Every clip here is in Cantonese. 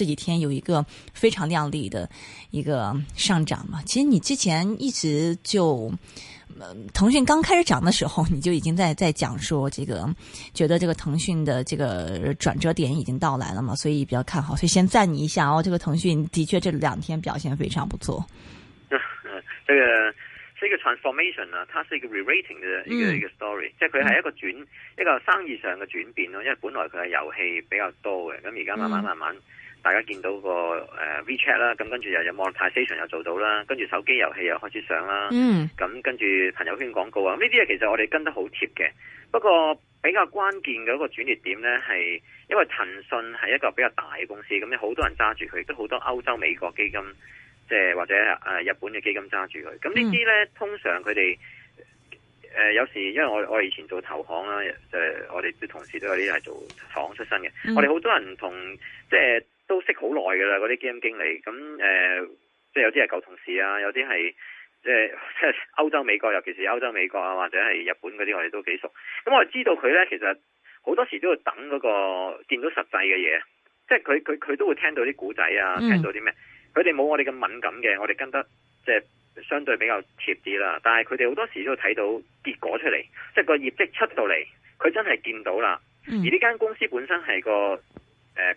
這幾天有一個非常靚麗的一個上漲嘛？其實你之前一直就，呃、騰訊剛開始漲的時候，你就已經在在講說這個，覺得這個騰訊的這個轉折點已經到來了嘛，所以比較看好，所以先讚你一下哦。這個騰訊的確這兩天表現非常不錯。這、嗯、個 這個 transformation 呢、啊，它是一個 re-rating 的一個一個 story，、嗯、即係佢係一個轉、嗯、一個生意上嘅轉變咯，因為本來佢係遊戲比較多嘅，咁而家慢慢慢慢。大家見到個誒 WeChat 啦，咁、呃啊、跟住又有 m、mm. Monetisation 又做到啦，跟住手機遊戲又開始上啦。嗯、啊，咁跟住朋友圈廣告啊，呢啲嘢其實我哋跟得好貼嘅。不過比較關鍵嘅一個轉折點呢，係因為騰訊係一個比較大嘅公司，咁咧好多人揸住佢，都好多歐洲、美國基金，即係或者日本嘅基金揸住佢。咁呢啲呢，mm. 通常佢哋誒有時因為我我以前做投行啦，即係、我哋啲同事都有啲係做投行出身嘅，我哋好多人同即係。即係都識好耐嘅啦，嗰啲基金經理，咁誒、呃，即係有啲係舊同事啊，有啲係、呃、即係即係歐洲美國，尤其是歐洲美國啊，或者係日本嗰啲，我哋都幾熟。咁我知道佢呢，其實好多時都要等嗰個見到實際嘅嘢，即係佢佢佢都會聽到啲古仔啊，聽到啲咩？佢哋冇我哋咁敏感嘅，我哋跟得即係相對比較貼啲啦。但係佢哋好多時都要睇到結果出嚟，即係個業績出到嚟，佢真係見到啦。Mm. 而呢間公司本身係個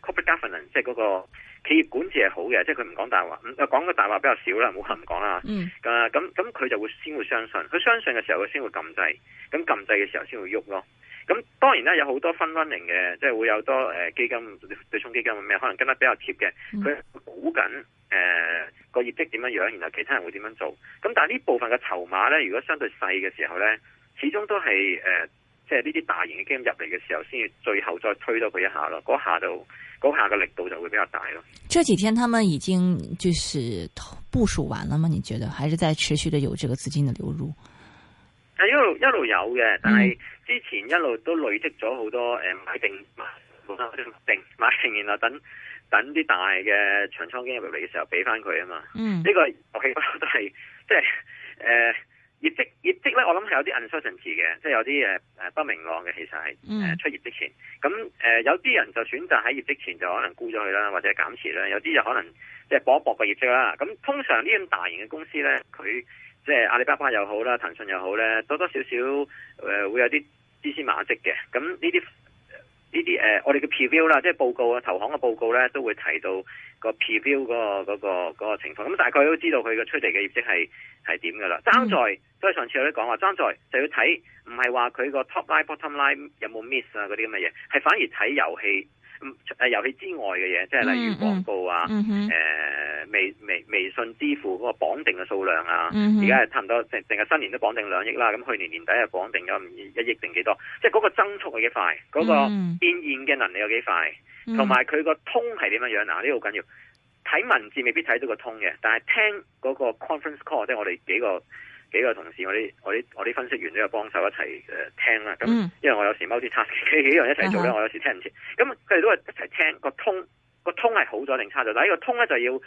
Corporate governance 即係嗰個企業管治係好嘅，即係佢唔講大話，講嘅大話比較少啦，唔好話唔講啦。咁咁佢就會先會相信，佢相信嘅時候佢先會㩒掣，咁㩒掣嘅時候先會喐咯。咁當然啦，有好多 fund running 嘅，即係會有多、呃、基金、對沖基金有咩，可能跟得比較貼嘅，佢估緊呃個業績點樣樣，然後其他人會點樣做。咁但係呢部分嘅籌碼咧，如果相對細嘅時候咧，始終都係即係呢啲大型嘅基金入嚟嘅時候，先要最後再推多佢一下咯，嗰下就嗰下嘅力度就會比較大咯。這幾天他們已經就是部署完了嗎？你覺得還是在持續的有這個資金的流入？誒、嗯，嗯、一路一路有嘅，但係之前一路都累積咗好多誒、呃、買定買定買定，然後等等啲大嘅長倉基金入嚟嘅時候，俾翻佢啊嘛。嗯，呢個我亦都係即係誒。業績業績咧，我諗係有啲 uncertainty 嘅，即係有啲誒誒不明朗嘅，其實係誒出業績前，咁誒、呃、有啲人就選擇喺業績前就可能沽咗佢啦，或者減持啦，有啲就可能即係搏一搏個業績啦。咁通常呢啲大型嘅公司咧，佢即係阿里巴巴又好啦，騰訊又好咧，多多少少誒會有啲蛛絲馬跡嘅。咁呢啲呢啲、呃、我哋嘅 preview 啦，即係報告啊，投行嘅報告咧，都會提到個 preview 嗰、嗰個嗰、嗰個嗰個情況。咁大概都知道佢嘅出嚟嘅業績係係點噶啦。爭在、嗯，所以上次我哋講話爭在就要睇，唔係話佢個 top line bottom line 有冇 miss 啊嗰啲咁嘅嘢，係反而睇遊戲。誒，遊戲之外嘅嘢，即係例如廣告啊，誒、mm -hmm. mm -hmm. 呃、微微微信支付嗰個綁定嘅數量啊，而家係差唔多，淨淨係新年都綁定兩億啦。咁去年年底係綁定咗唔知一億定幾多少？即係嗰個增速係幾快，嗰、嗰個變現嘅能力有幾快，同埋佢個 tone 係點樣樣嗱？呢個好緊要。睇文字未必睇到個 tone 嘅，但係聽嗰個 conference call，即係我哋幾個。幾個同事，我啲我啲我啲分析員都有幫手一齊誒聽啦。咁、嗯、因為我有時踎啲差幾機幾個人一齊做咧，我有時聽唔切，咁佢哋都係一齊聽個通，個通係好咗定差咗？但係呢個通咧就要，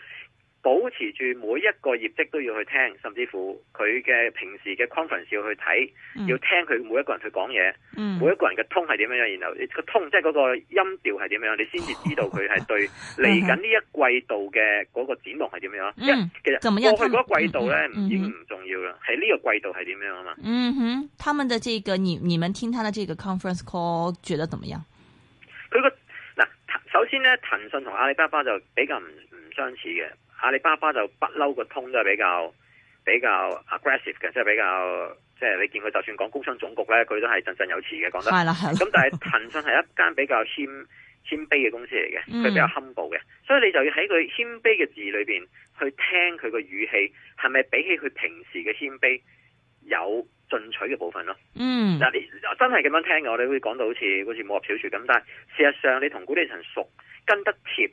保持住每一個業績都要去聽，甚至乎佢嘅平時嘅 conference 要去睇，要聽佢每一個人去講嘢，嗯，每一個人嘅通係點樣，然後個通即係嗰個音調係點樣，你先至知道佢係對嚟緊呢一季度嘅嗰個展望係點樣。嗯，其實過去嗰個季度咧已經唔重要喇，喺呢個季度係點樣啊嘛。嗯哼，他們嘅呢、這個，你你們聽他的這個 conference call 覺得怎麼樣？佢個嗱，首先咧，騰訊同阿里巴巴就比較唔唔相似嘅。阿里巴巴就不嬲個通都係比較比較 aggressive 嘅，即係比較，即係你見佢就算講工商總局咧，佢都係振振有詞嘅講得。係啦，係。咁但係騰訊係一間比較謙謙卑嘅公司嚟嘅，佢比較 humble 嘅、嗯，所以你就要喺佢謙卑嘅字裏邊去聽佢個語氣，係咪比起佢平時嘅謙卑有進取嘅部分咯？嗯，嗱，你真係咁樣聽嘅，我哋好似講到好似好似武俠小說咁，但係事實上你同管理層熟，跟得貼。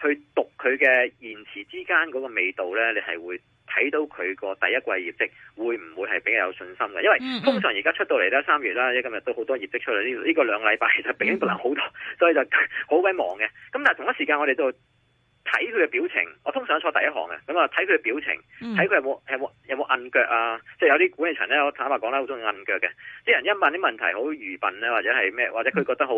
去讀佢嘅言辭之間嗰個味道呢，你係會睇到佢個第一季業績會唔會係比較有信心嘅？因為通常而家出到嚟呢，三月啦，因為今日都好多業績出嚟，呢、這、呢個兩禮拜其實已不能好多，所以就好鬼忙嘅。咁但係同一時間我哋都。.睇佢嘅表情，我通常坐第一行嘅，咁啊睇佢嘅表情，睇、嗯、佢有冇有冇有冇摁腳啊？即、就、係、是、有啲管理層咧，我坦白講咧，好中意摁腳嘅。啲人一問啲問題好愚笨咧，或者係咩，或者佢覺得好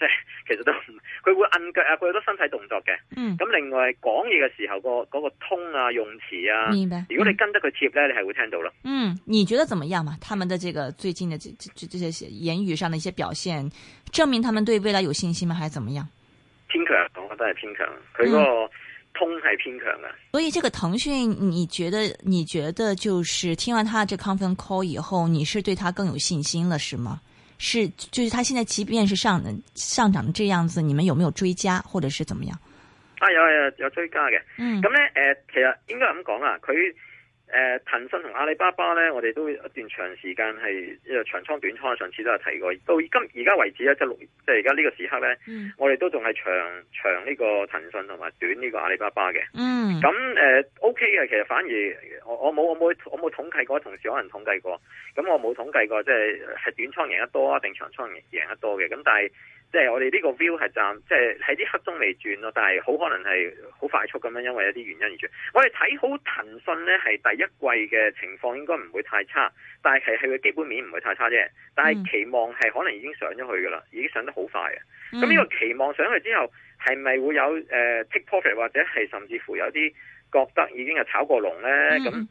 即係，其實都佢會摁腳啊，佢好多身體動作嘅。咁、嗯、另外講嘢嘅時候，嗰個、嗰個通啊、用詞啊，如果你跟得佢貼咧，你係會聽到咯。嗯，你覺得怎麼樣嘛？他們的這個最近的這這這些言語上的一些表現，證明他們對未來有信心嗎？還是怎麼樣？偏強，我覺得係偏強，佢嗰個通系偏強噶、嗯。所以，這個騰訊，你覺得你覺得就是聽完他這 conference call 以後，你是對他更有信心了，是嗎？是，就是他現在即便是上上漲這樣子，你們有沒有追加，或者是怎麼樣？啊，有有有追加嘅。嗯。咁咧，誒、呃，其實應該咁講啊，佢。誒、呃，騰訊同阿里巴巴咧，我哋都一段長時間係，因為長倉短倉，上次都有提過。到今而家為止咧，即係六，即係而家呢個時刻咧，嗯，我哋都仲係長長呢個騰訊同埋短呢個阿里巴巴嘅。嗯，咁誒，O K 嘅，其實反而我我冇我冇我冇統計過，同事可能統計過，咁我冇統計過，即係係短倉贏得多啊，定長倉贏贏得多嘅，咁但係。即係我哋呢個 view 係暫，即係喺啲黑中未轉咯，但係好可能係好快速咁樣，因為一啲原因而轉。我哋睇好騰訊呢係第一季嘅情況應該唔會太差，但係係佢嘅基本面唔會太差啫。但係期望係可能已經上咗去噶啦，已經上得好快嘅。咁呢個期望上去之後，係咪會有誒 take profit 或者係甚至乎有啲覺得已經係炒過龍呢？咁。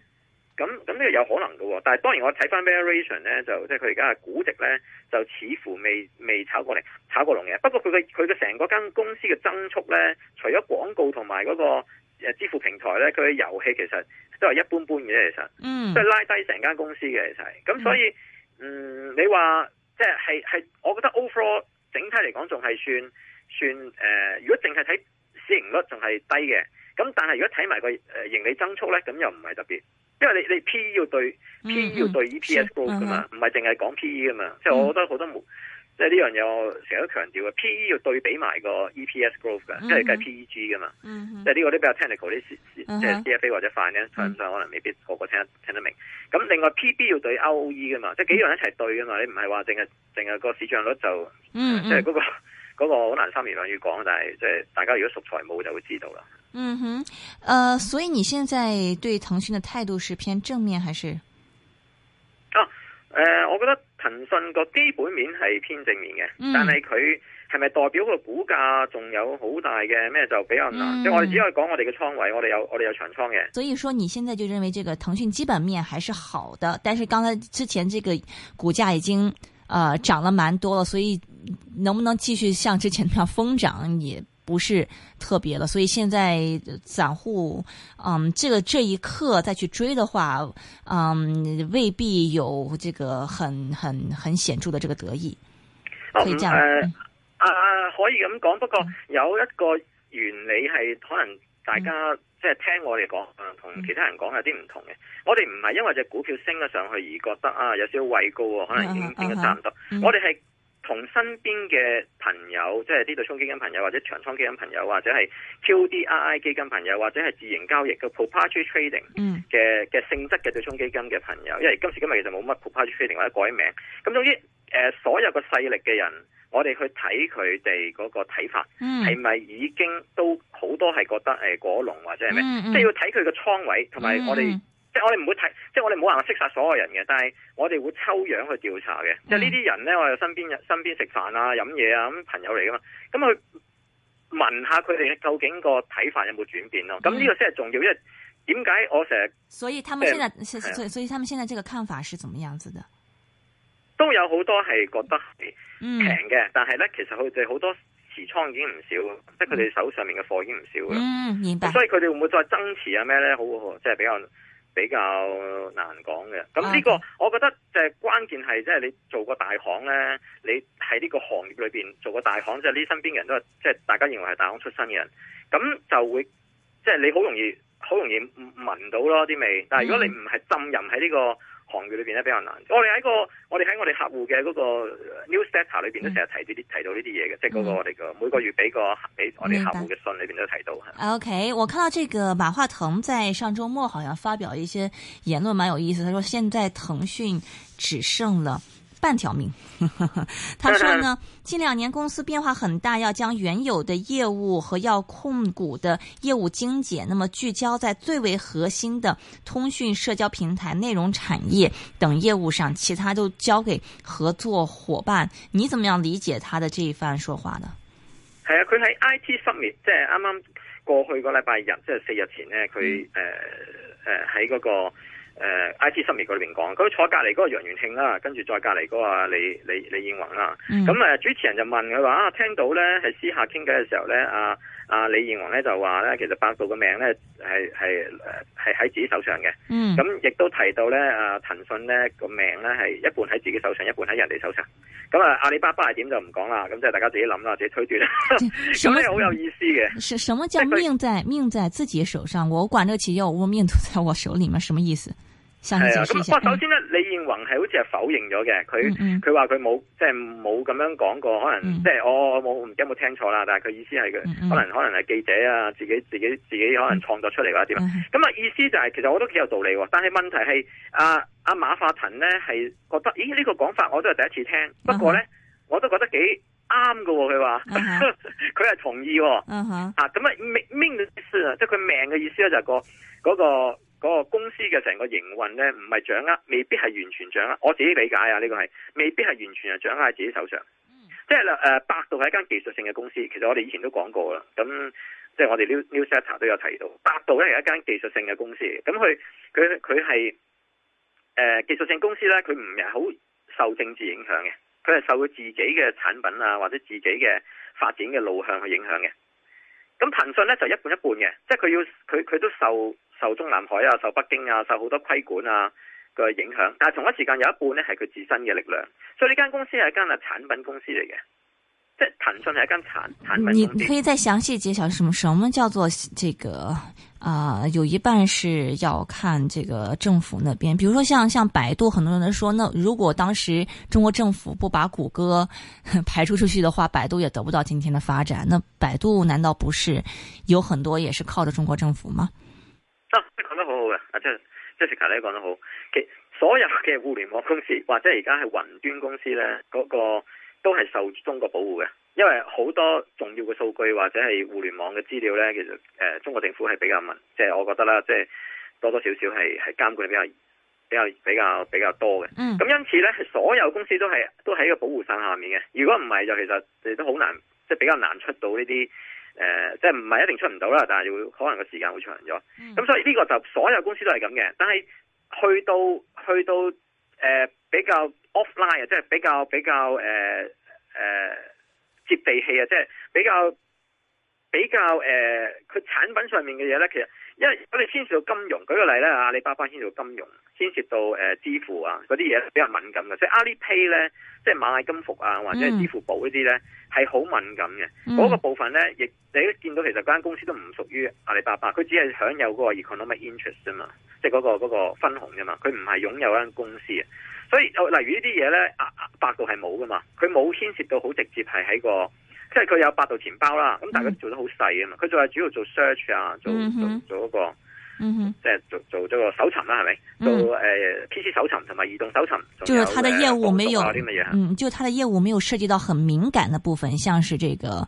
咁咁呢個有可能嘅，但係當然我睇翻 variation 咧，就即係佢而家嘅估值咧，就似乎未未炒過嚟，炒過龍嘅。不過佢嘅佢嘅成嗰間公司嘅增速咧，除咗廣告同埋嗰個支付平台咧，佢嘅遊戲其實都係一般般嘅啫，其實，嗯，即係拉低成間公司嘅其實。咁所以，嗯，你話即係係係，我覺得 overall 整體嚟講仲係算算誒、呃。如果淨係睇市盈率仲係低嘅，咁但係如果睇埋個誒盈利增速咧，咁又唔係特別。因為你你 P 要對 P 要對 E P S growth 噶嘛，唔係淨係講 P E 噶嘛，即係、嗯就是、我覺得好多即係呢樣嘢我成日都強調嘅，P E 要對比埋個 E P S growth 噶，即係計 P E G 噶嘛，即係呢個都比較 technical 啲，即係 C F A 或者反人，上唔上可能未必個個聽得聽得明。咁、嗯嗯、另外 P B 要對 R O E 噶嘛，即、就、係、是、幾樣一齊對噶嘛，你唔係話淨係淨係個市賬率就即係嗰個。嗯嗰、那個好難三言兩語講，但係即係大家如果熟財務就會知道啦。嗯哼，誒、呃，所以你現在對騰訊嘅態度是偏正面還是？哦、啊，誒、呃，我覺得騰訊個基本面係偏正面嘅、嗯，但係佢係咪代表個股價仲有好大嘅咩就比較難？即、嗯、係我哋只可以講我哋嘅倉位，我哋有我哋有長倉嘅。所以說，你現在就認為這個騰訊基本面還是好的，但是剛才之前這個股價已經誒、呃、漲咗蠻多了，所以。能不能繼續像之前那樣瘋漲，也不是特別了。所以現在散戶，嗯、呃，這個這一刻再去追的話，嗯、呃，未必有這個很很很顯著的這個得益。可以這樣。啊、呃嗯、啊，啊，可以咁講，不過有一個原理係可能大家即係、嗯就是、聽我哋講啊，同其他人講有啲唔同嘅、嗯。我哋唔係因為隻股票升咗上去而覺得啊有少少畏高，可能已經升咗差唔多。我哋係。同身邊嘅朋友，即係啲對沖基金朋友，或者長倉基金朋友，或者係 QDII 基金朋友，或者係自營交易嘅 proprietary trading 嘅嘅、嗯、性質嘅對沖基金嘅朋友，因為今時今日其實冇乜 proprietary trading 或者改名。咁總之，呃、所有個勢力嘅人，我哋去睇佢哋嗰個睇法，係、嗯、咪已經都好多係覺得誒果龍或者係咩？即、嗯、係、嗯就是、要睇佢個倉位同埋我哋。即係我哋唔會睇，即係我哋冇話識晒所有人嘅，但係我哋會抽樣去調查嘅。即係呢啲人咧，我哋身邊、身邊食飯啊、飲嘢啊咁朋友嚟噶嘛，咁去問下佢哋究竟個睇法有冇轉變咯？咁、嗯、呢個先係重要，因為點解我成日所以他們現在所以所以他們現在這個看法是怎麼樣子的？都有好多係覺得係平嘅，但係咧其實佢哋好多持倉已經唔少咯、嗯，即係佢哋手上面嘅貨已經唔少咯。嗯，明白。所以佢哋會唔會再增持啊？咩咧？好，好，好即係比較。比較難講嘅，咁呢個我覺得就係關鍵係，即係你做個大行咧，你喺呢個行業裏邊做個大行，即係呢身邊嘅人都係即係大家認為係大行出身嘅人，咁就會即係、就是、你好容易。好容易聞到咯啲味，但係如果你唔係浸淫喺呢個行業裏面咧、嗯，比較難。我哋喺個,個,、嗯嗯、個我哋喺我哋客戶嘅嗰個 newsletter 裏面都成日提呢啲提到呢啲嘢嘅，即係嗰個我哋個每個月俾個俾我哋客戶嘅信裏面都提到。OK，我看到這個馬化騰在上週末好像發表一些言論，蠻有意思。他說現在騰訊只剩了。半條命， 他說呢，近兩年公司變化很大，要將原有的業務和要控股的業務精簡，那麼聚焦在最為核心的通訊、社交平台、內容產業等業務上，其他都交給合作伙伴。你怎麼樣理解他的這一番說話呢？係、嗯、啊，佢喺 I T 十年，即係啱啱過去個禮拜日，即係四日前呢，佢誒誒喺嗰個。誒 I.T. 新聞裏面講，佢坐隔離嗰個楊元慶啦，跟住再隔離嗰個李李李燕宏啦。咁、嗯、誒、嗯、主持人就問佢話，啊聽到咧係私下傾偈嘅時候咧，阿、啊、阿、啊、李燕宏咧就話咧，其實百度嘅名咧係係係喺自己手上嘅。咁、嗯、亦、嗯、都提到咧，誒騰訊咧個名咧係一半喺自己手上，一半喺人哋手上。咁、嗯、啊阿里巴巴係點就唔講啦，咁即係大家自己諗啦，自己推斷啦。咁咧好有意思嘅。什什麼叫命在命在自己手上？ 我管得起嘅，我命都在我手裏面，什麼意思？係、嗯、啊，咁不過首先咧，李彥宏係好似係否認咗嘅，佢佢話佢冇即係冇咁樣講過，可能即係、嗯就是、我我唔知有冇聽錯啦。但係佢意思係佢、嗯、可能、嗯、可能係記者啊，自己自己自己可能創作出嚟或者點樣。咁、嗯、啊、嗯、意思就係、是，其實我都幾有道理。但係問題係啊阿、啊、馬化騰咧，係覺得咦呢、這個講法我都係第一次聽。不過咧、嗯，我都覺得幾啱㗎。佢話佢係同意。嗯哼，啊咁明嘅意思啊，即係佢命嘅意思咧，就係個嗰個。那個嗰個公司嘅成個營運咧，唔係掌握，未必係完全掌握。我自己理解啊，呢個係未必係完全係掌握喺自己手上。即係咧，誒，百度係一間技術性嘅公司。其實我哋以前都講過啦。咁即係我哋 new new set 都有提到，百度咧係一間技術性嘅公司。咁佢佢佢係誒技術性公司咧，佢唔係好受政治影響嘅，佢係受佢自己嘅產品啊，或者自己嘅發展嘅路向去影響嘅。咁騰訊咧就一半一半嘅，即係佢要佢佢都受受中南海啊、受北京啊、受好多規管啊嘅影響。但係同一時間有一半咧係佢自身嘅力量，所以呢間公司係間啊產品公司嚟嘅。即騰訊係一間產品，你可以再詳細揭曉什麼？什麼叫做這個？啊、呃，有一半是要看這個政府那邊，比如說像像百度，很多人都說，那如果當時中國政府不把谷歌排除出，出去的話，百度也得不到今天的發展。那百度難道不是有很多也是靠着中國政府嗎？啊，講得好好嘅，阿 Jessica 你講得好，其所有嘅互聯網公司或者而家係雲端公司咧，嗰、那個。都係受中國保護嘅，因為好多重要嘅數據或者係互聯網嘅資料呢，其實、呃、中國政府係比較密，即係我覺得啦，即係多多少少係係監管比較比較比較比較多嘅。咁、嗯、因此呢，係所有公司都係都喺個保護傘下面嘅。如果唔係就其實你都好難，即係比較難出到呢啲即係唔係一定出唔到啦，但係會可能個時間會長咗。咁、嗯、所以呢個就所有公司都係咁嘅。但係去到去到誒、呃、比較。offline 啊、呃呃，即係比較比較誒誒接地氣啊，即係比較比較誒，佢產品上面嘅嘢咧，其實因為我哋牽涉到金融，舉個例咧，阿里巴巴牽涉到金融，牽涉到誒、呃、支付啊嗰啲嘢比較敏感嘅，即係 Alipay 咧，即係螞蟻金服啊或者係支付寶呢啲咧係好敏感嘅。嗰、mm. 個部分咧，亦你都見到其實間公司都唔屬於阿里巴巴，佢只係享有嗰個 economic interest 啫嘛，即係嗰個、嗰個分紅啫嘛，佢唔係擁有間公司。所以，例如這些東西，呢啲嘢咧，啊，百度係冇噶嘛，佢冇牽涉到好直接，係喺個，即係佢有百度錢包啦，咁但係佢做得好細啊嘛，佢就係主要做 search 啊，做、嗯、做做嗰個，即係做做咗個搜尋啦，係咪？做誒、呃、PC 搜尋同埋移動搜尋。就係佢嘅業務冇，嗯，就係佢嘅業務冇涉及到很敏感嘅部分，像是這個。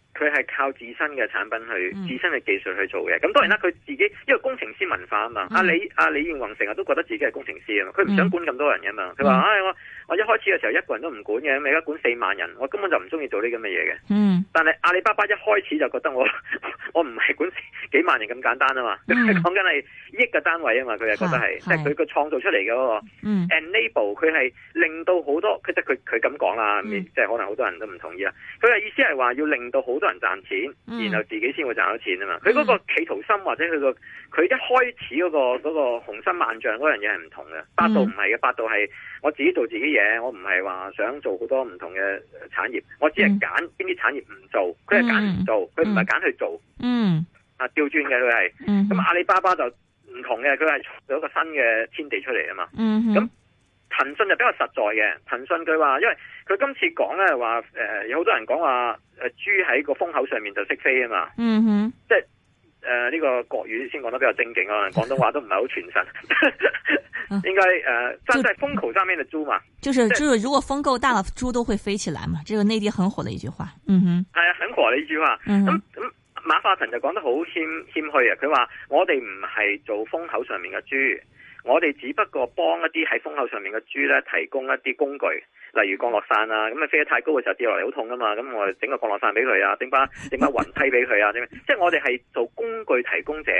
佢係靠自身嘅產品去，自身嘅技術去做嘅，咁當然啦，佢自己因為工程師文化啊嘛，阿、嗯、李阿李彥宏成日都覺得自己係工程師啊嘛，佢唔想管咁多人啊嘛，佢、嗯、話，唉、哎、我。我一開始嘅時候一個人都唔管嘅，咁而家管四萬人，我根本就唔中意做呢啲咁嘅嘢嘅。嗯，但係阿里巴巴一開始就覺得我我唔係管幾萬人咁簡單啊嘛，佢講緊係億個單位啊嘛，佢係覺得係，即係佢個創造出嚟嘅嗰個 enable，佢、嗯、係令到好多，其實佢佢咁講啦，即係可能好多人都唔同意啦。佢嘅意思係話要令到好多人賺錢、嗯，然後自己先會賺到錢啊嘛。佢、嗯、嗰個企圖心或者佢個佢一開始嗰、嗰個、嗰個雄心萬丈嗰樣嘢係唔同嘅，百、嗯、度唔係嘅，百度係我自己做自己嘢。我唔係話想做好多唔同嘅產業，我只係揀邊啲產業唔做，佢係揀唔做，佢唔係揀去做，嗯，啊、嗯、調轉嘅佢係，咁、嗯嗯、阿里巴巴就唔同嘅，佢係做一個新嘅天地出嚟啊嘛，咁騰訊就比較實在嘅，騰訊佢話，因為佢今次講咧話，誒、呃、有好多人講話，誒、呃、豬喺個風口上面就識飛啊嘛，嗯哼、嗯嗯，即係。誒、呃，呢、這個國語先講得比較正經啊，廣東話都唔係好傳神。 啊、 應該誒，站在風口上面的豬嘛。就是就是，如果風夠大了豬 都會飛起來嘛。這個內地很火的一句話。嗯哼。係啊，很火呢句話。咁、嗯、咁，那那馬化騰就講得好謙謙虛啊，佢話我哋唔係做風口上面嘅豬。 我哋只不過幫一啲喺風口上面嘅豬咧，提供一啲工具，例如降落傘啦、啊，咁啊飛得太高嘅時候跌落嚟，好痛噶嘛，咁我哋整個降落傘俾佢啊，整返整返雲梯俾佢啊，啲咩？ 即係我哋係做工具提供者，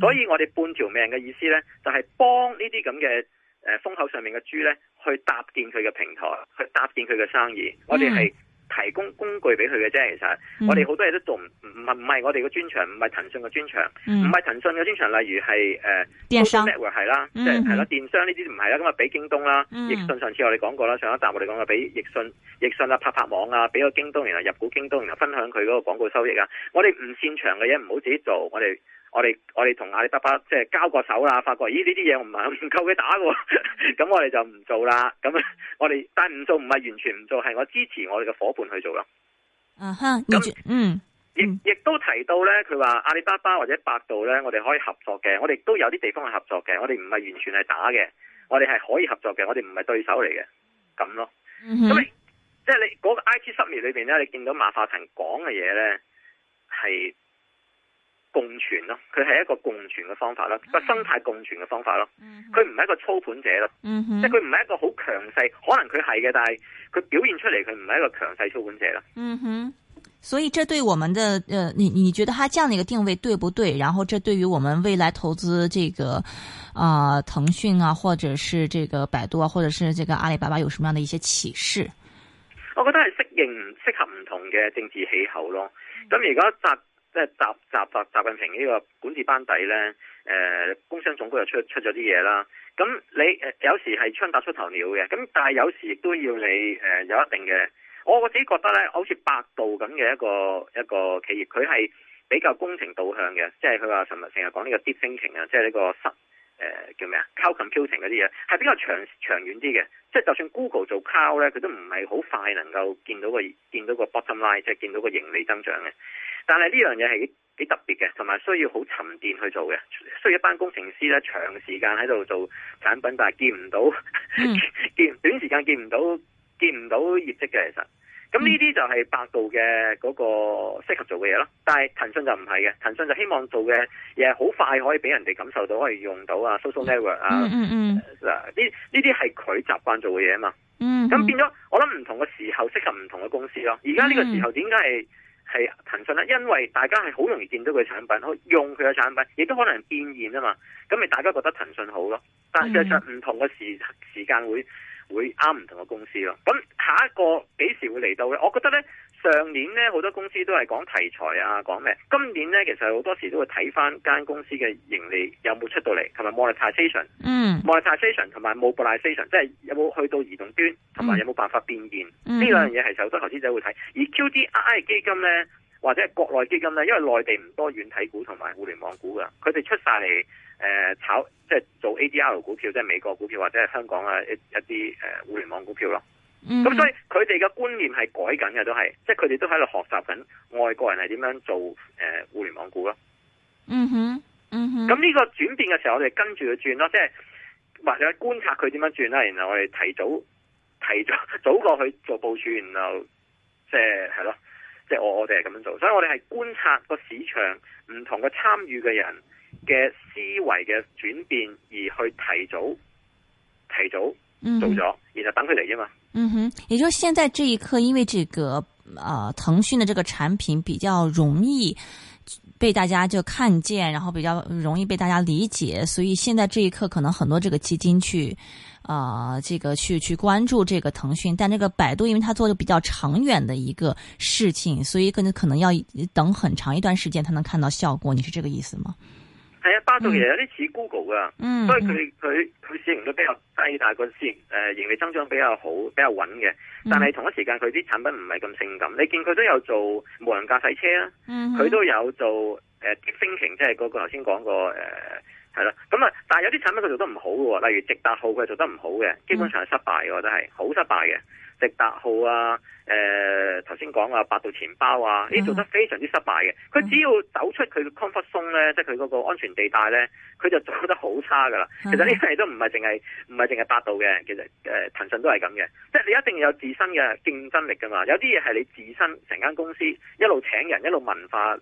所以我哋半條命嘅意思咧，就係幫呢啲咁嘅誒風口上面嘅豬咧，去搭建佢嘅平台，去搭建佢嘅生意。我哋係。提供工具俾佢嘅啫，其實我哋好多嘢都做，唔係唔係我哋嘅專長，唔係騰訊嘅專長，唔係騰訊嘅專長。例如係誒、呃、電商、網絡係啦，即係係電商呢啲唔係啦，咁啊俾京東啦，易、嗯、訊上次我哋講過啦，上一集我哋講嘅俾易訊，易訊啊拍拍網啊，俾個京東，然後入股京東，然後分享佢嗰個廣告收益啊。我哋唔擅長嘅嘢唔好自己做，我哋。我哋我哋同阿里巴巴即係交過手啦，發覺咦，呢啲嘢我唔係唔夠佢打嘅，咁我哋就唔做啦。咁我哋但係唔做唔係完全唔做，係我支持我哋嘅伙伴去做咯。啊哈，咁嗯，亦亦都提到咧，佢話阿里巴巴或者百度咧，我哋可以合作嘅，我哋都有啲地方係合作嘅，我哋唔係完全係打嘅，我哋係可以合作嘅，我哋唔係對手嚟嘅，咁咯。咁即係你嗰個 IT Summit 裏邊咧，你見到馬化騰講嘅嘢咧係共存咯，佢係一個共存嘅方法咯，個、哎、生態共存嘅方法咯。佢唔係一個操盤者咯，嗯，即係佢唔係一個好強勢，可能佢係嘅，但係佢表現出嚟佢唔係一個強勢操盤者咯。嗯哼，所以這對我們的，呃、你你覺得他這樣的一個定位對不對？然後這對於我們未來投資這個啊，呃、騰訊啊，或者是這個百度啊，或者是這個阿里巴巴，有什麼樣的一些啟示？我覺得係適應適合唔同嘅政治氣候咯。咁而家即係習習習習近平呢個管治班底咧，誒、呃、工商總局又出出咗啲嘢啦。咁你、呃、有時係槍打出頭鳥嘅，咁但係有時亦都要你誒、呃、有一定嘅。我我自己覺得咧，好似百度咁嘅一個一個企業，佢係比較工程導向嘅，即係佢話尋日成日講呢個 deep thinking 啊、這個，即係呢個失。誒叫咩啊？Cloud computing 嗰啲嘢係比較長長遠啲嘅，即係就算 Google 做 Cloud 咧，佢都唔係好快能夠見到個見到個 bottom line，即係見到個盈利增長嘅。但係呢樣嘢係幾特別嘅，同埋需要好沉澱去做嘅，需要一班工程師咧長時間喺度做產品，但係見唔到，嗯、 見短時間見唔到，見唔到業績嘅其實。咁呢啲就係百度嘅嗰個適合做嘅嘢咯，但係騰訊就唔係嘅，騰訊就希望做嘅嘢好快可以俾人哋感受到可以用到啊，social network 啊，呢呢啲係佢習慣做嘅嘢啊嘛。咁、mm -hmm. 變咗，我諗唔同嘅時候適合唔同嘅公司咯。而家呢個時候點解係係騰訊咧？因為大家係好容易見到佢產品，好用佢嘅產品，亦都可能變現啊嘛。咁咪大家覺得騰訊好咯？但係實際上唔同嘅時時間會。會啱唔同嘅公司咯，咁下一個幾時會嚟到咧？我覺得呢上年呢，好多公司都係講題材啊，講咩？今年呢，其實好多時都會睇翻間公司嘅盈利有冇出到嚟，同埋 monetization 嗯、mm. monetization 同埋 mobilization 即係有冇去到移動端，同埋有冇辦法變現呢兩樣嘢係好多投資者會睇。而 QDII 基金呢，或者係國內基金呢，因為內地唔多軟體股同埋互聯網股㗎，佢哋出晒嚟。誒，炒即係做 ADR 股票，即係美國股票或者係香港嘅一啲誒互聯網股票咯。咁、mm -hmm. 所以佢哋嘅觀念係改緊嘅，都係即係佢哋都喺度學習緊外國人係點樣做誒互聯網股咯。嗯哼，咁呢個轉變嘅時候，我哋跟住佢轉咯，即係或者觀察佢點樣轉啦。然後我哋提早提早早過去做部署，然後即係係咯，即係、就是、我我哋係咁樣做。所以我哋係觀察個市場唔同嘅參與嘅人。嘅思維嘅轉變而去提早提早做咗，然後等佢嚟啫嘛。嗯哼，也就現在這一刻，因為這個啊、呃、騰訊的這個產品比較容易被大家就看見，然後比較容易被大家理解，所以現在這一刻可能很多這個基金去啊、呃、這個去去關注這個騰訊，但這個百度，因為它做嘅比較長遠的一個事情，所以可能可能要等很長一段時間才能看到效果。你是這個意思嗎？係啊，百度其實有啲似 Google 噶，嗯，所以佢佢佢市盈率比較低，但係市誒盈利增長比較好，比較穩嘅。但係同一時間佢啲產品唔係咁性感，你見佢都有做無人駕駛車啊，佢都有做誒 Deep Thinking 即係嗰個頭先講過誒係啦。咁、呃、啊，但係有啲產品佢做得唔好嘅，例如直達號佢做得唔好嘅，基本上係失敗嘅，我覺得係好失敗嘅，直達號啊。誒頭先講啊，百度錢包啊，呢、mm -hmm. 做得非常之失敗嘅。佢只要走出佢嘅 comfort zone 咧、mm -hmm.，即係佢嗰個安全地帶咧，佢就做得好差噶啦、mm -hmm.。其實呢樣都唔係淨係唔係淨係百度嘅，其實誒騰訊都係咁嘅。即係你一定要有自身嘅競爭力噶嘛。有啲嘢係你自身成間公司一路請人一路文化。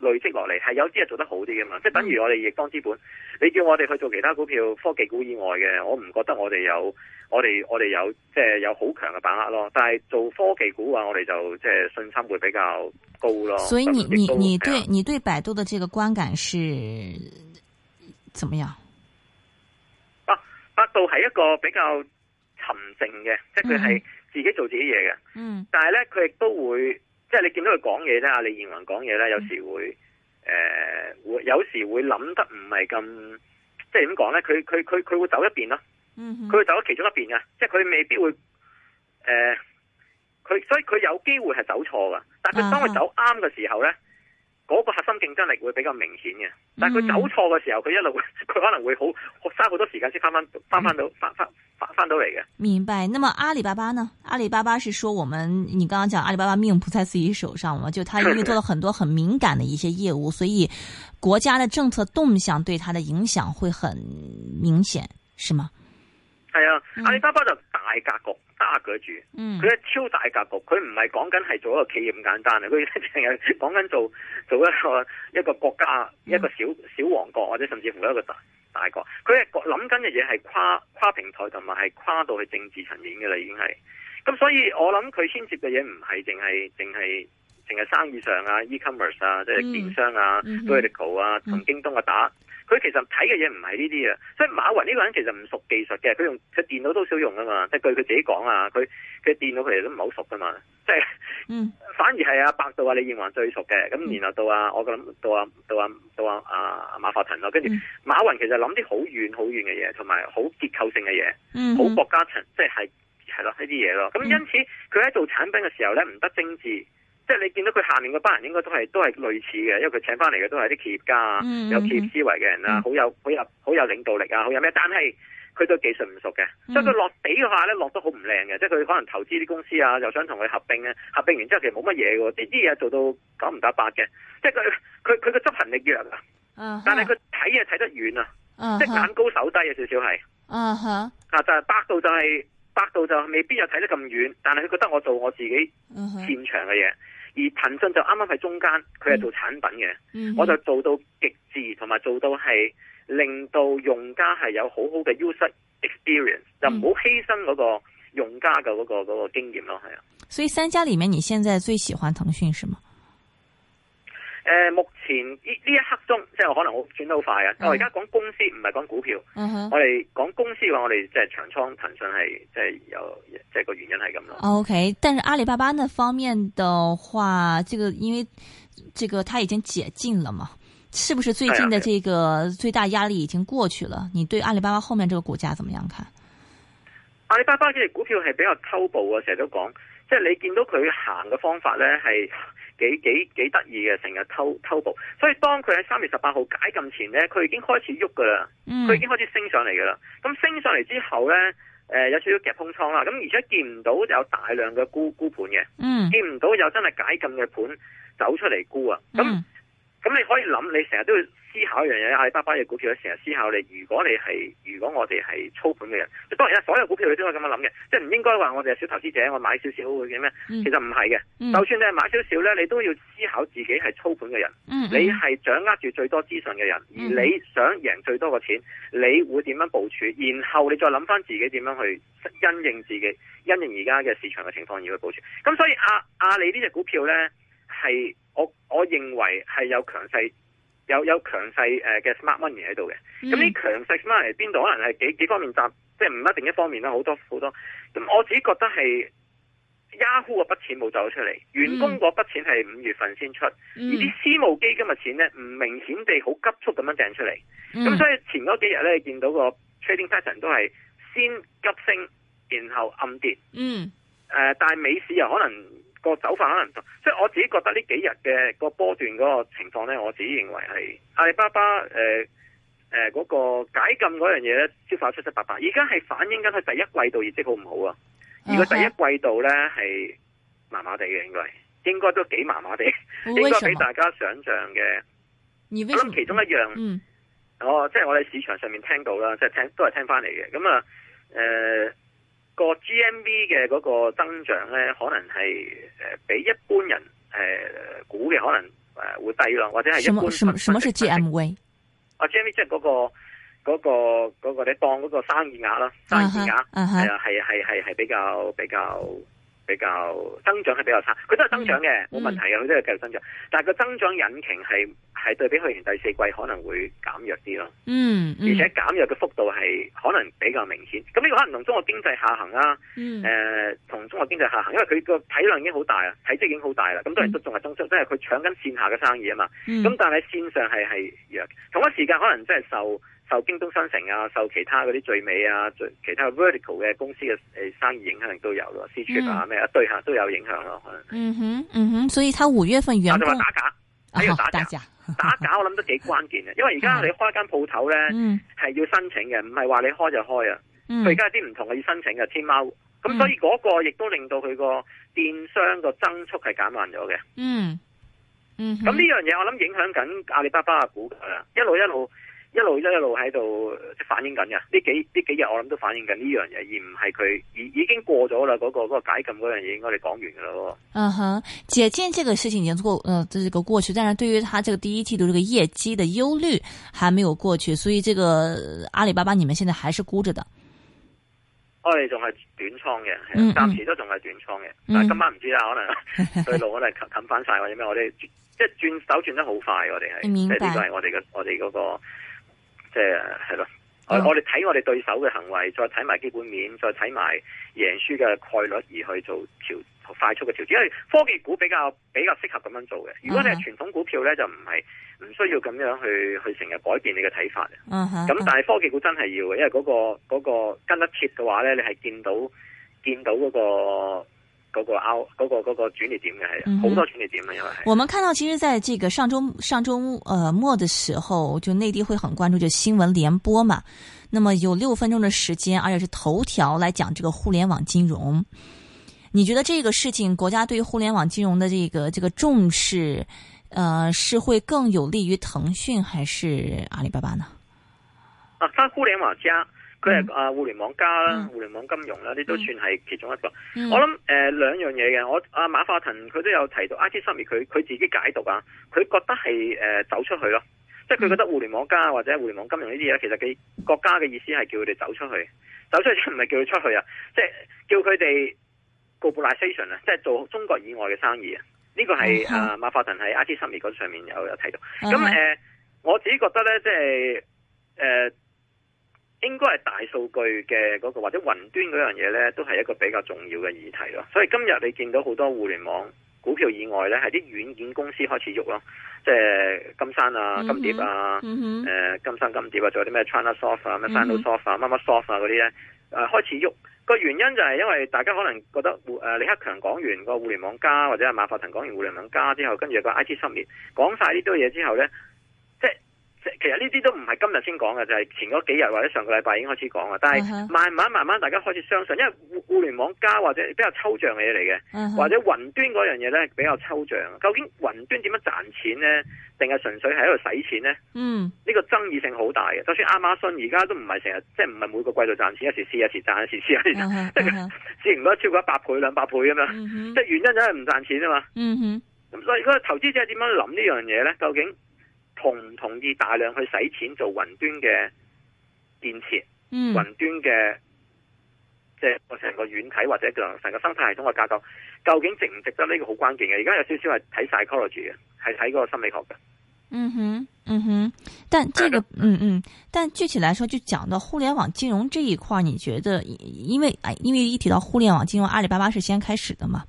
累積落嚟係有啲嘢做得好啲嘅嘛，即、嗯、係等於我哋易方資本，你叫我哋去做其他股票科技股以外嘅，我唔覺得我哋有我哋我哋有即係、就是、有好強嘅把握咯。但係做科技股嘅話，我哋就即係、就是、信心會比較高咯。所以你你你對,、啊、你,對你對百度嘅這個觀感是怎麼樣？啊、百度係一個比較沉靜嘅、嗯，即係佢係自己做自己嘢嘅。嗯，但係呢，佢亦都會。即係你見到佢講嘢咧，阿李彥宏講嘢咧，有時會誒，會有時會諗得唔係咁，即係點講咧？佢佢佢佢會走一邊咯，佢會走咗其中一邊嘅，即係佢未必會誒，佢、呃、所以佢有機會係走錯噶，但係佢當佢走啱嘅時候咧。Uh-huh. 呢嗰、那個核心競爭力會比較明顯嘅，但係佢走錯嘅時候，佢一路佢可能會好，嘥好多時間先翻翻翻翻到翻翻翻翻到嚟嘅。明白。那麼阿里巴巴呢？阿里巴巴是說，我們你剛剛講阿里巴巴命不在自己手上嘛？就佢、是、因為做了很多很敏感的一些業務， 所以國家的政策動向對他的影響會很明顯，是嗎？係啊，阿里巴巴就大格局揸住，佢係超大格局，佢唔係講緊係做一個企業咁簡單嘅，佢咧淨係講緊做做一個一個國家，一個小小王國或者甚至乎一個大大國，佢係諗緊嘅嘢係跨跨平台同埋係跨到去政治層面嘅啦，已經係。咁所以我諗佢牽涉嘅嘢唔係淨係淨係淨係生意上啊，e-commerce 啊，即係電商啊，Google 啊，同京東啊打。佢其實睇嘅嘢唔係呢啲啊，所以馬雲呢個人其實唔熟技術嘅，佢用佢電腦都少用噶嘛，即係據佢自己講啊，佢佢電腦佢哋都唔係好熟噶嘛，即係，嗯，反而係阿百度啊、李彥宏最熟嘅，咁然後到啊、嗯、到，到，到，到啊，我嘅諗到啊，到啊，到阿阿馬化騰咯，跟住馬雲其實諗啲好遠好遠嘅嘢，同埋好結構性嘅嘢，好、嗯、國家層，即係係係咯呢啲嘢咯，咁因此佢喺做產品嘅時候咧唔得精緻。即係你見到佢下面嗰班人應該都係都係類似嘅，因為佢請翻嚟嘅都係啲企業家啊、嗯，有企業思維嘅人啦，好、嗯、有好有好有領導力啊，好有咩，但係佢對技術唔熟嘅、嗯，所以佢落地嘅話咧落得好唔靚嘅，即係佢可能投資啲公司啊，又想同佢合併咧，合併完之後其實冇乜嘢嘅，呢啲嘢做到九唔搭八嘅，即係佢佢佢個執行力弱啊，但係佢睇嘢睇得遠啊，即係眼高手低有少少係，啊吓，係、就係、百度就係、係、百度就未必有睇得咁遠，但係佢覺得我做我自己擅長嘅嘢。而騰訊就啱啱喺中間，佢係做產品嘅、嗯，我就做到極致，同埋做到係令到用家係有好好嘅 user experience，就唔好犧牲個用家嘅、嗰個、嗰個經驗咯。係啊，所以三家裏面，你現在最喜歡騰訊，是嗎？誒、呃，目前呢呢一刻鐘，即係可能我轉得好快啊！我而家講公司，唔係講股票。嗯、我哋講公司嘅話，我哋即係長倉騰訊係，即係有即係個原因係咁咯。O、okay, K，但是阿里巴巴呢方面嘅話，這個因為這個它已經解禁了嘛，是不是最近的這個最大壓力已經過去了、嗯？你對阿里巴巴後面這個股價怎麼樣看？阿里巴巴嘅股票係比較偷步啊，成日都講，即、就、係、是、你見到佢行嘅方法咧係。幾幾幾得意嘅，成日偷偷步，所以當佢喺三月十八號解禁前呢，佢已經開始喐噶啦，佢已經開始升上嚟噶啦，咁升上嚟之後呢，誒、呃、有少少夾空倉啦，咁而且見唔到有大量嘅沽沽盤嘅，嗯，見唔到有真係解禁嘅盤走出嚟沽啊，咁。嗯咁你可以諗，你成日都要思考一樣嘢，阿里巴巴嘅股票，成日思考你。如果你係，如果我哋係操盤嘅人，當然啦，所有股票你都可以咁樣諗嘅，即係唔應該話我哋係小投資者，我買少少嘅咩？其實唔係嘅，就算你係買少少咧，你都要思考自己係操盤嘅人，你係掌握住最多資訊嘅人，而你想贏最多嘅錢，你會點樣部署？然後你再諗翻自己點樣去因應自己，因應而家嘅市場嘅情況而去部署。咁所以阿阿里呢隻股票咧係。我我認為係有強勢，有有強勢誒嘅 smart money 喺度嘅。咁啲強勢 smart 係邊度？可能係幾幾方面集，即係唔一定一方面啦。好多好多。咁我自己覺得係 Yahoo 嘅筆錢冇走出嚟，員工嗰筆錢係五月份先出，嗯、而啲私募基金嘅錢咧，唔明顯地好急速咁樣掟出嚟。咁、嗯、所以前嗰幾日咧，你見到個 trading pattern 都係先急升，然後暗跌。嗯。誒、呃，但係美市又可能。嗰個手法可能唔同，即係我自己覺得呢幾日嘅個波段嗰個情況咧，我自己認為係阿里巴巴誒誒嗰個解禁嗰樣嘢咧，消化七七八八，而家係反映緊佢第一季度業績好唔好啊？如、okay. 果第一季度咧係麻麻地嘅，應該應該都幾麻麻地，應該比大家想象嘅。我諗其中一樣，嗯、哦，即係我喺市場上面聽到啦，即係聽都係聽翻嚟嘅。咁啊，誒、呃。個 G M V 嘅嗰個增長咧，可能係誒比一般人誒、呃、估嘅可能誒會低咯，或者係一般品質品質。什什什麼是 G M V？啊、ah,，G M V 即係嗰個嗰個嗰個你當嗰個生意額咯，生意額係啊，係係係係比較比較。比較比較增長係比較差，佢都係增長嘅，冇、嗯嗯、問題嘅，佢都係繼續增長。但係個增長引擎係係對比去年第四季可能會減弱啲咯、嗯。嗯，而且減弱嘅幅度係可能比較明顯。咁呢個可能同中國經濟下行啦、啊，誒、嗯，同、呃、中國經濟下行，因為佢個體量已經好大啦，體積已經好大啦。咁都係都仲係增速，即係佢搶緊綫下嘅生意啊嘛。咁、嗯、但係綫上係係弱。同一時間可能真係受。受京東商城啊，受其他嗰啲聚美啊，其他 vertical 嘅公司嘅誒生意影響都有咯，私處啊咩一堆嚇都有影響咯，可能。嗯哼，嗯哼，所以他五月份員工。我話打假喺度打假，打假、哦、 我諗都幾關鍵嘅，因為而家你開間鋪頭咧係要申請嘅，唔係話你開就開啊。佢而家有啲唔同嘅要申請嘅，天貓。咁、嗯、所以嗰個亦都令到佢個電商個增速係減慢咗嘅。嗯。嗯。咁呢樣嘢我諗影響緊阿里巴巴嘅股價啦，一路一路。一路一一路喺度反映緊嘅，呢幾呢幾日我諗都反映緊呢樣嘢，而唔係佢已已經過咗啦。嗰、那個、那個解禁嗰樣嘢，我哋講完噶啦。嗯哼，解禁呢個事情已經過，嗯，這是個過去。但是對於佢這個第一季度這個業績的憂慮，還沒有過去，所以這個阿里巴巴，你們現在還是沽着的。我哋仲係短倉嘅，暫時都仲係短倉嘅、嗯嗯。但是今晚唔知啦，可能對、嗯、 路可能冚冚翻晒或者咩，我哋即係轉手轉得好快，我哋係，呢啲係我哋嘅，我哋、那個。即係咯，我我哋睇我哋對手嘅行為，再睇埋基本面，再睇埋贏輸嘅概率而去做調快速嘅調整。因為科技股比較比較適合咁樣做嘅。如果你係傳統股票咧，就唔係唔需要咁樣去去成日改變你嘅睇法。嘅。嗯哼。咁但係科技股真係要，因為嗰個嗰個跟得切嘅話咧，你係見到見到嗰個。嗰個凹嗰個嗰個轉捩點嘅係啊，好多轉捩點嘅又係。我們看到，其實，在這個上周上周，呃，末的時候，就內地會很關注，就是，新聞聯播嘛。那麼有六分鐘的時間，而且是頭條來講這個互聯網金融。你覺得這個事情，國家對於互聯網金融的這個這個重視，呃，是會更有利於騰訊還是阿里巴巴呢？啊，它互聯網加。佢係啊，互聯網加、嗯、互聯網金融啦，呢、嗯、都算係其中一個。嗯、我諗誒、呃、兩樣嘢嘅，我阿、啊、馬化騰佢都有提到，IT Summit 佢佢自己解讀啊，佢覺得係誒、呃、走出去咯，即係佢覺得互聯網加或者互聯網金融呢啲嘢，其實佢國家嘅意思係叫佢哋走出去。走出去就唔係叫佢出去啊，即係叫佢哋 globalisation 啊，即係做中國以外嘅生意啊。呢、這個係啊、嗯呃、馬化騰喺 IT Summit 嗰上面有有提到。咁、嗯、誒、嗯嗯呃，我自己覺得咧，即係誒。呃應該係大數據嘅嗰、那個或者雲端嗰樣嘢呢，都係一個比較重要嘅議題咯。所以今日你見到好多互聯網股票以外呢，係啲軟件公司開始喐咯，即係金山啊、嗯、金蝶啊、嗯呃、金山金蝶啊，仲有啲咩 China Soft 啊、咩 s a n o l Soft 啊、乜乜 Soft 啊嗰啲呢，開始喐。個原因就係因為大家可能覺得、呃、李克強講完個互聯網加，或者係馬化騰講完互聯網加之後，跟住個 I T 十年講晒呢堆嘢之後呢。其實呢啲都唔係今日先講嘅，就係、是、前嗰幾日或者上個禮拜已經開始講嘅。但係慢慢慢慢，大家開始相信，因為互互聯網加或者比較抽象嘅嘢嚟嘅，uh -huh. 或者雲端嗰樣嘢咧比較抽象。究竟雲端點樣賺錢咧，定係純粹係喺度使錢咧？呢、uh -huh. 個爭議性好大嘅。就算亞馬遜而家都唔係成日，即係唔係每個季度賺錢，有時蝕，一時賺，一時蝕，有時自然都超過一百倍、兩百倍咁樣。Uh -huh. 即係原因就係唔賺錢啊嘛。咁、uh -huh. 所以個投資者點樣諗呢樣嘢咧？究竟？同唔同意大量去使錢做雲端嘅建設？嗯，雲端嘅即係我成個軟體或者個成個生態系統嘅架構，究竟值唔值得呢個好關鍵嘅？而家有少少係睇 psychology 嘅，係睇嗰個心理學嘅。嗯哼，嗯哼，但呢、這個嗯嗯，但具體來說，就講到互聯網金融這一塊，你覺得因為誒，因為一提到互聯網金融，阿里巴巴是先開始的嘛？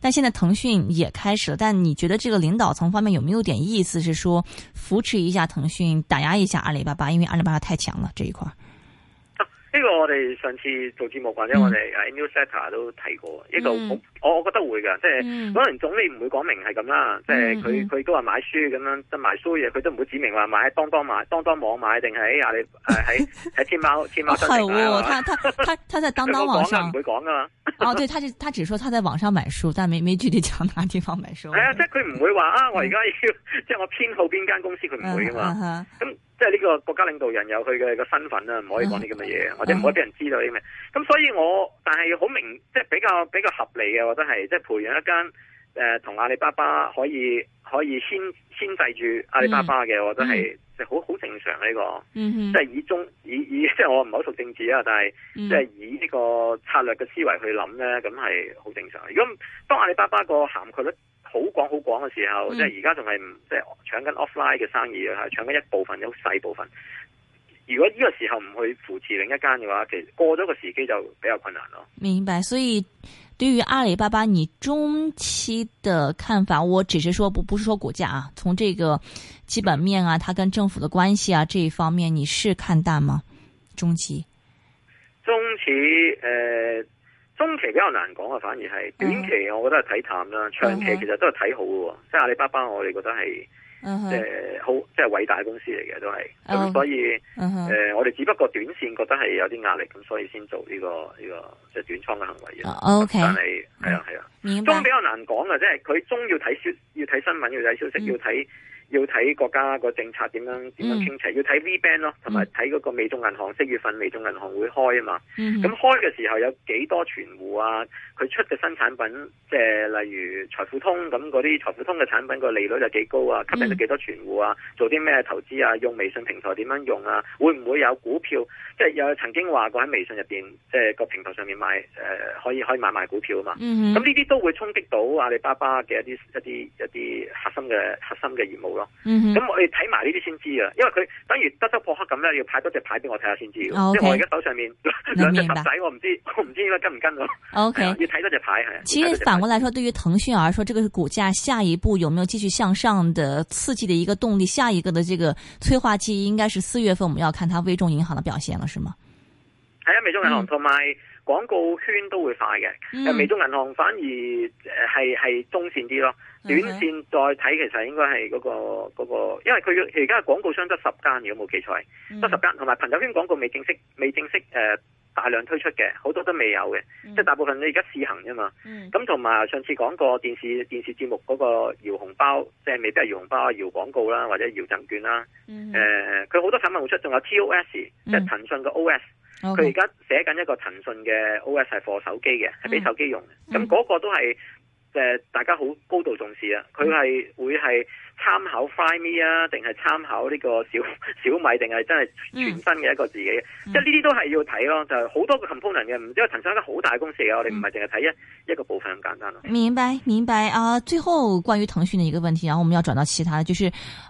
但現在騰訊也開始了，但你覺得這個領導層方面有沒有點意思？是說扶持一下騰訊，打壓一下阿里巴巴，因為阿里巴巴太強了這一塊。呢、這個我哋上次做節目或者、嗯、我哋啊 Newsletter 都提過，呢度我我覺得會噶，即係、嗯、可能總理唔會講明係咁啦，即係佢佢都話買書咁樣，即、嗯、買書嘢，佢都唔會指明話買喺當當買，當當網買定喺阿里，誒喺喺天貓天貓。 哦，係喎，他他他他在當當網上唔會講噶嘛。哦、 啊啊，對，他就他只說他在網上買書，但係沒沒具體講哪個地方買書。係啊，即係佢唔會話啊，啊啊嗯、我而家要即係我偏好邊間公司，佢唔會噶嘛。咁、啊啊啊啊啊即係呢個國家領導人有佢嘅個身份啦，唔可以講啲咁嘅嘢，或者唔可以俾人知道啲咩。咁、嗯、所以我，但係好明，即係比較比較合理嘅，或者係即係培養一間誒同阿里巴巴可以可以牽牽制住阿里巴巴嘅，我、嗯、或者係即係好好正常呢個。即、嗯、係、就是、以中以以，即係、就是、我唔係好熟政治啊，但係即係以呢個策略嘅思維去諗咧，咁係好正常的。如果當阿里巴巴個涵蓋率。好廣好廣嘅時候，即係而家仲係，即係搶緊 offline 嘅生意啊，搶緊一部分，有細部分。如果呢個時候唔去扶持另一間嘅話，其實過咗個時機就比較困難咯。明白，所以對於阿里巴巴，你中期嘅看法，我只是說不，不是說股價啊，從這個基本面啊，它跟政府的關係啊這一方面，你是看淡嗎？中期，中期誒。呃中期比較難講啊，反而係短期，我覺得係睇淡啦、嗯。長期其實都係睇好嘅，okay. 即係阿里巴巴我、uh -huh. 呃 uh -huh. uh -huh. 呃，我哋覺得係即係好，即係偉大嘅公司嚟嘅，都係咁。所以誒，我哋只不過短線覺得係有啲壓力，咁所以先做呢、這個呢、這個即係、就是、短倉嘅行為嘅。OK，係係啊係啊，啊，中比較難講啊，即係佢中要睇消，要睇新聞，要睇消息，uh -huh. 要睇。要睇國家個政策點樣點樣傾斜、嗯，要睇 V band 咯、嗯，同埋睇嗰個微眾銀行。四月份微眾銀行會開啊嘛，咁、嗯、開嘅時候有幾多存戶啊？佢出嘅新產品，即係例如財富通咁嗰啲財富通嘅產品，個利率有幾高啊？吸引咗幾多存戶啊？嗯、做啲咩投資啊？用微信平台點樣用啊？會唔會有股票？即、就、係、是、有曾經話過喺微信入邊，即、就、係、是、個平台上面買、呃、可以可以買賣股票啊嘛。咁呢啲都會衝擊到阿里巴巴嘅一啲一啲一啲核心嘅核心嘅業務。咯、嗯，咁我哋睇埋呢啲先知啊，因為佢等於德州撲克咁咧，要派多隻牌俾我睇下先知、哦 okay，即係我而家手上面兩隻十仔，我唔知我唔知佢跟唔跟我。O、okay、K，、啊、要睇多隻牌係、啊。其實反過來說，對於騰訊來說，這個股價下一步有沒有繼續向上嘅刺激嘅一個動力，下一個嘅這個催化劑，應該是四月份我們要看它微眾銀行嘅表現了，是嗎？係、嗯、啊，微眾銀行同埋廣告圈都會快嘅，微眾銀行反而係係中線啲咯。Okay. 短線再睇，其實應該係嗰、嗰個、嗰個、因為佢而家嘅廣告商得十間，如果冇記錯得十間，同、mm、埋 -hmm. 朋友圈廣告未正式、未正式誒、呃、大量推出嘅，好多都未有嘅，mm -hmm. 即係大部分你而家試行啫嘛。咁同埋上次講過電視電視節目嗰個搖紅包，即、就是、未必係搖紅包、搖廣告啦，或者搖贈券啦。誒、mm -hmm. 呃，佢好多產品會出，仲有 TOS，、mm -hmm. 即係騰訊嘅 OS，佢而家寫緊一個騰訊嘅 OS 係 for 手機嘅，係、mm、俾 -hmm. 手機用嘅。咁、mm、嗰 -hmm. 個都係。誒，大家好高度重視啊！佢係會係。參考 Flyme 啊，定係參考呢個小小米，定係真係全新嘅一個自己？即係呢啲都係要睇咯，就係、是、好多個 component 嘅，唔知騰訊一間好大公司嚟，我哋唔係淨係睇一、嗯、一個部分咁簡單咯。明白明白啊！最後關於騰訊的一個問題，然後我們要轉到其他的，就是，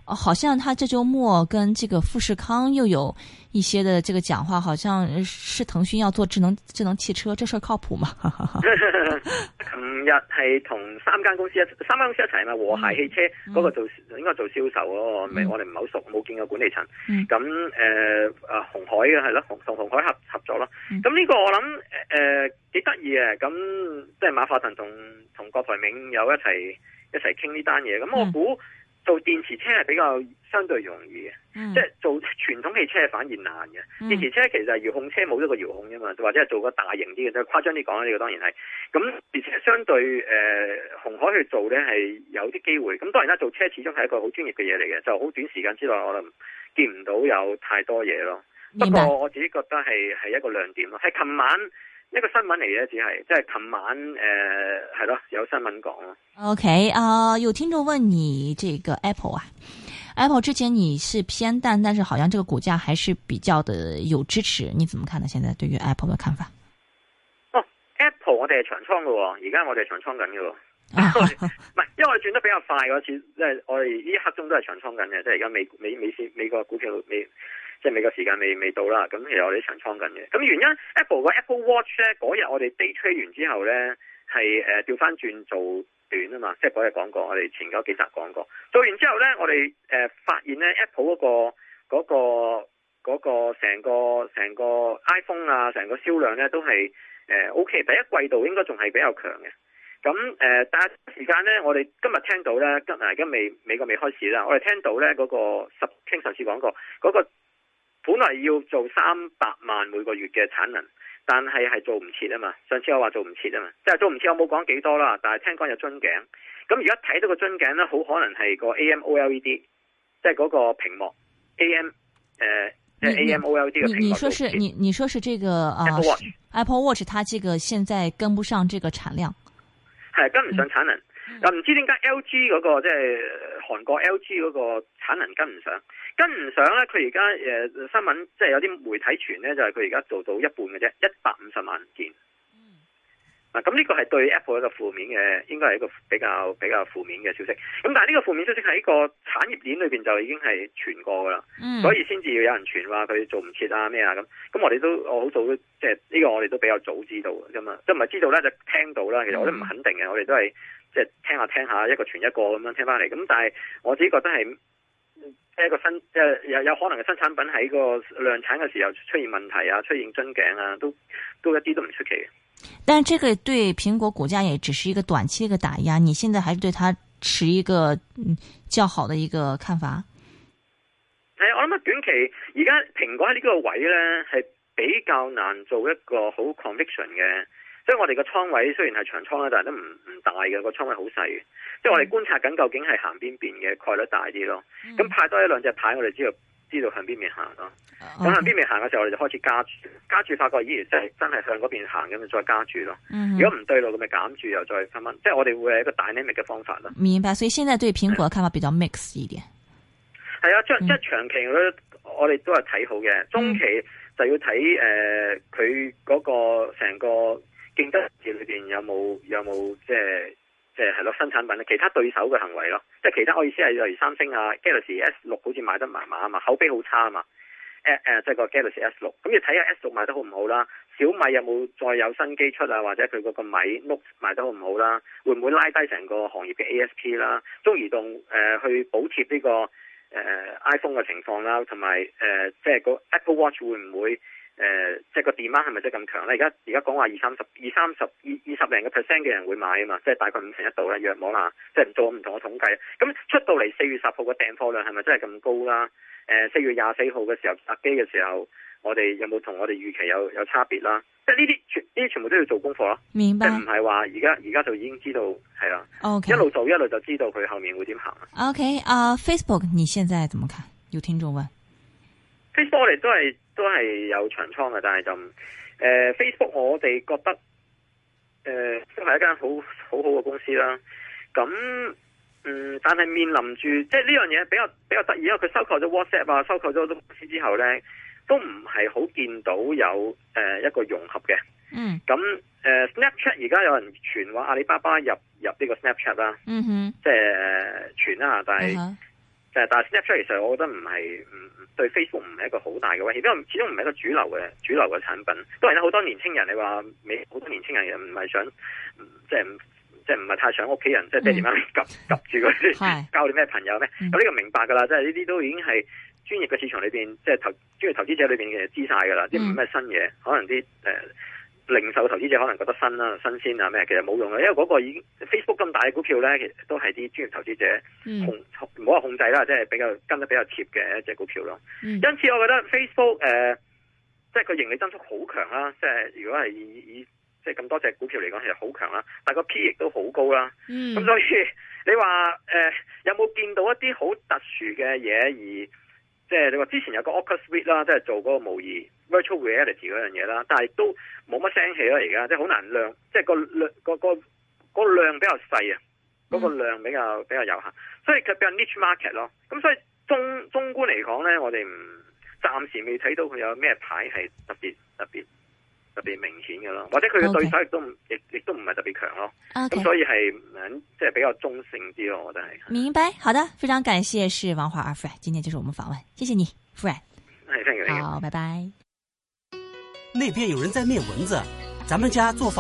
哦，好像他這周末跟這個富士康又有一些的這個講話，好像是騰訊要做智能智能汽車，這事靠譜嗎？琴 日係同三間公,公司一三間公司一齊嘛，和諧汽車嗰個做、嗯。嗯應該做銷售嗰、嗯、我哋唔係好熟，冇見過管理層。咁、嗯、誒，啊鴻、呃、海嘅係咯，同鴻海合合作咯。咁、嗯、呢個我諗誒幾得意嘅。咁、呃、即係馬化騰同同郭台銘有一齊一齊傾呢單嘢。咁我估。嗯做電池車係比較相對容易嘅、嗯，即係做傳統汽車係反而難嘅、嗯。電池車其實係遙控車，冇一個遙控啫嘛，或者係做個大型啲嘅，即係誇張啲講，呢個當然係咁，而且相對誒鴻、呃、海去做呢係有啲機會。咁當然啦，做車始終係一個好專業嘅嘢嚟嘅，就好短時間之內我哋見唔到有太多嘢咯。不過我自己覺得係係一個亮點咯，係琴晚。一個新聞嚟嘅只係，即係琴晚誒係咯，有新聞講。OK，啊，有聽眾問你這個 Apple 啊，Apple 之前你是偏淡，但是好像這個股價還是比較的有支持，你怎麼看呢？現在對於 Apple 嘅看法？哦，Apple 我哋係長倉嘅、哦，而家我哋係長倉緊嘅、哦，唔係，因為我轉得比較快嗰次，即係我哋呢一刻鐘都係長倉緊嘅，即係而家美美美美國股票未。美即係美國時間未未到啦，咁其實我哋長倉緊嘅。咁原因，Apple 個 Apple Watch 咧，嗰日我哋 day trade 完之後咧，係誒調翻轉做短啊嘛。即係嗰日我哋講過，我哋前幾集講過。做完之後咧，我哋誒、呃、發現咧，Apple 嗰個、嗰個、嗰個、嗰個成、嗰個成個,個 iPhone 啊，成個銷量咧都係誒 O K。呃、OK, 第一季度應該仲係比較強嘅。咁誒、呃，但係時間咧，我哋今日聽到咧，今日啊而家未美國未開始啦。我哋聽到咧嗰、嗰個十，聽上次講過、嗰個。本來要做三百萬每個月嘅產能，但係係做唔切啊嘛！上次我話做唔切啊嘛，即係做唔切，我冇講幾多啦。但係聽講有樽頸，咁而家睇到個樽頸咧，好可能係個 AMOLED，即係嗰個屏幕 AM，誒、呃，即係 AMOLED 嘅屏幕。你說是，你你說是這個啊？Apple Watch，Apple、啊、Watch，它這個現在跟不上這個產量，係跟唔上產能。咁、嗯、唔知點解 LG 嗰、那個即係韓國 LG 嗰個產能跟唔上？跟唔上咧，佢而家誒新聞，即係有啲媒體傳咧，就係佢而家做到一半嘅啫，一百五十萬件。嗱、嗯，咁、啊、呢個係對 Apple 一個負面嘅，應該係一個比較比較負面嘅消息。咁、嗯、但係呢個負面消息喺個產業鏈裏邊就已經係傳過噶啦、嗯。所以先至要有人傳話佢做唔切啊咩啊咁。咁我哋都我好早即係呢個我哋都比較早知道噶嘛，即係唔係知道咧就聽到啦。其實我都唔肯定嘅、嗯，我哋都係即係聽下聽下一個傳一個咁樣聽翻嚟。咁但係我自己覺得係。一個新即係有、呃、有可能嘅新產品喺個量產嘅時候出現問題啊，出現樽頸啊，都都一啲都唔出奇嘅。但係呢個對蘋果股價也只是一個短期一個打壓。你現在還是對它持一個、嗯、較好的一個看法？係我諗啊，短期而家蘋果喺呢個位呢，係比較難做一個好 conviction 嘅。即係我哋個倉位雖然係長倉啦，但係都唔唔大嘅，個倉位好細嘅。即係我哋觀察緊究竟係行邊邊嘅、嗯、概率大啲咯。咁、嗯、派多一兩隻牌，我哋知道知道向邊面行咯。咁、哦、向邊面行嘅時候，我哋就開始加住。加住，發覺咦，就係真係向嗰邊行咁，咪再加住咯。嗯、如果唔對路，咁咪減住，又再分分。即係我哋會係一個大 limit 嘅方法啦。明白。所以現在對蘋果嘅看法比較 mix 一點。係啊，即係即係長期我哋都係睇好嘅、嗯，中期就要睇誒佢嗰個成個。競得字裏邊有冇有冇即係即係係咯，新產品咧？其他對手嘅行為咯，即係其他我意思係例如三星啊，Galaxy S 六好似賣得麻麻啊嘛，口碑好差啊嘛。誒誒，即係個 Galaxy S 六，咁你睇下 S 六賣得好唔好啦？小米有冇再有新機出啊？或者佢嗰個米 Note 賣得好唔好啦？會唔會拉低成個行業嘅 ASP 啦？中移動誒去補貼呢個誒 iPhone 嘅情況啦，同埋誒即係個 Apple Watch 會唔會？誒、呃，即係個 demand 係咪真係咁強咧？而家而家講話二三十、二三十、二二十零個 percent 嘅人會買啊嘛，即、就、係、是、大概五成一度啦約摸啦，即係唔做唔同嘅統計。咁出到嚟四月十號嘅訂貨量係咪真係咁高啦？誒、呃，四月廿四號嘅時候殺機嘅時候，我哋有冇同我哋預期有有差別啦？即係呢啲全呢啲全部都要做功課咯。明白。即唔係話而家而家就已經知道係啦。OK。一路做一路就知道佢後面會點行。OK，啊、uh，，Facebook 你現在怎麼看？有聽眾問。Facebook 嚟都係。都係有長倉嘅，但係就誒，Facebook 我哋覺得誒、呃、都係一間好好好嘅公司啦。咁嗯，但係面臨住即係呢樣嘢比較比較得意，因為佢收購咗 WhatsApp 啊，收購咗好多公司之後咧，都唔係好見到有誒、呃、一個融合嘅。嗯。咁誒、呃、Snapchat 而家有人傳話阿里巴巴入入呢個 Snapchat 啦、啊。嗯哼。即係誒傳啦，但係。嗯但係 Snapchat 其實我覺得唔係，唔對 Facebook 唔係一個好大嘅威脅，因為始終唔係一個主流嘅主流嘅產品。當然啦，好多年青人你話，你好多年青人又唔係想，即係即係唔係太想屋企人即係爹哋媽咪及及住佢交啲咩朋友咩？咁、mm. 呢、 mm. 個明白㗎啦，即係呢啲都已經係專業嘅市場裏邊，即、就、係、是、投專業投資者裏邊嘅知晒㗎啦，即係唔係咩新嘢，可能啲誒。呃零售投資者可能覺得新啦、啊、新鮮啊咩，其實冇用嘅，因為嗰個已經 Facebook 咁大嘅股票呢，其實都係啲專業投資者控唔好話控制啦，即係比較跟得比較貼嘅一隻股票咯、嗯。因此，我覺得 Facebook 誒、呃，即係個盈利增速好強啦，即係如果係以，以即係咁多隻股票嚟講，其實好強啦。但係個 P 亦都好高啦。咁、嗯、所以你話誒、呃，有冇見到一啲好特殊嘅嘢？而即係你話之前有個 Oculus 啦，即係做嗰個模擬。Virtual reality 嗰樣嘢啦，但係都冇乜聲氣咯，而家即係好難量，即係個量，個個，個，個量比較細啊，嗰、嗯、個量比較比較有限，所以佢比較 niche market 咯。咁、嗯、所以中中觀嚟講咧，我哋唔暫時未睇到佢有咩牌係特別特別特別明顯嘅咯，或者佢嘅對手亦、okay. 都亦亦都唔係特別強咯。咁、okay. 嗯、所以係即係比較中性啲咯，我覺得係。明白，好的，非常感謝是王華阿 Fred，今天就是我們訪問，謝謝你，Fred。好，拜拜。那邊有人在滅蚊子，咱們家做飯。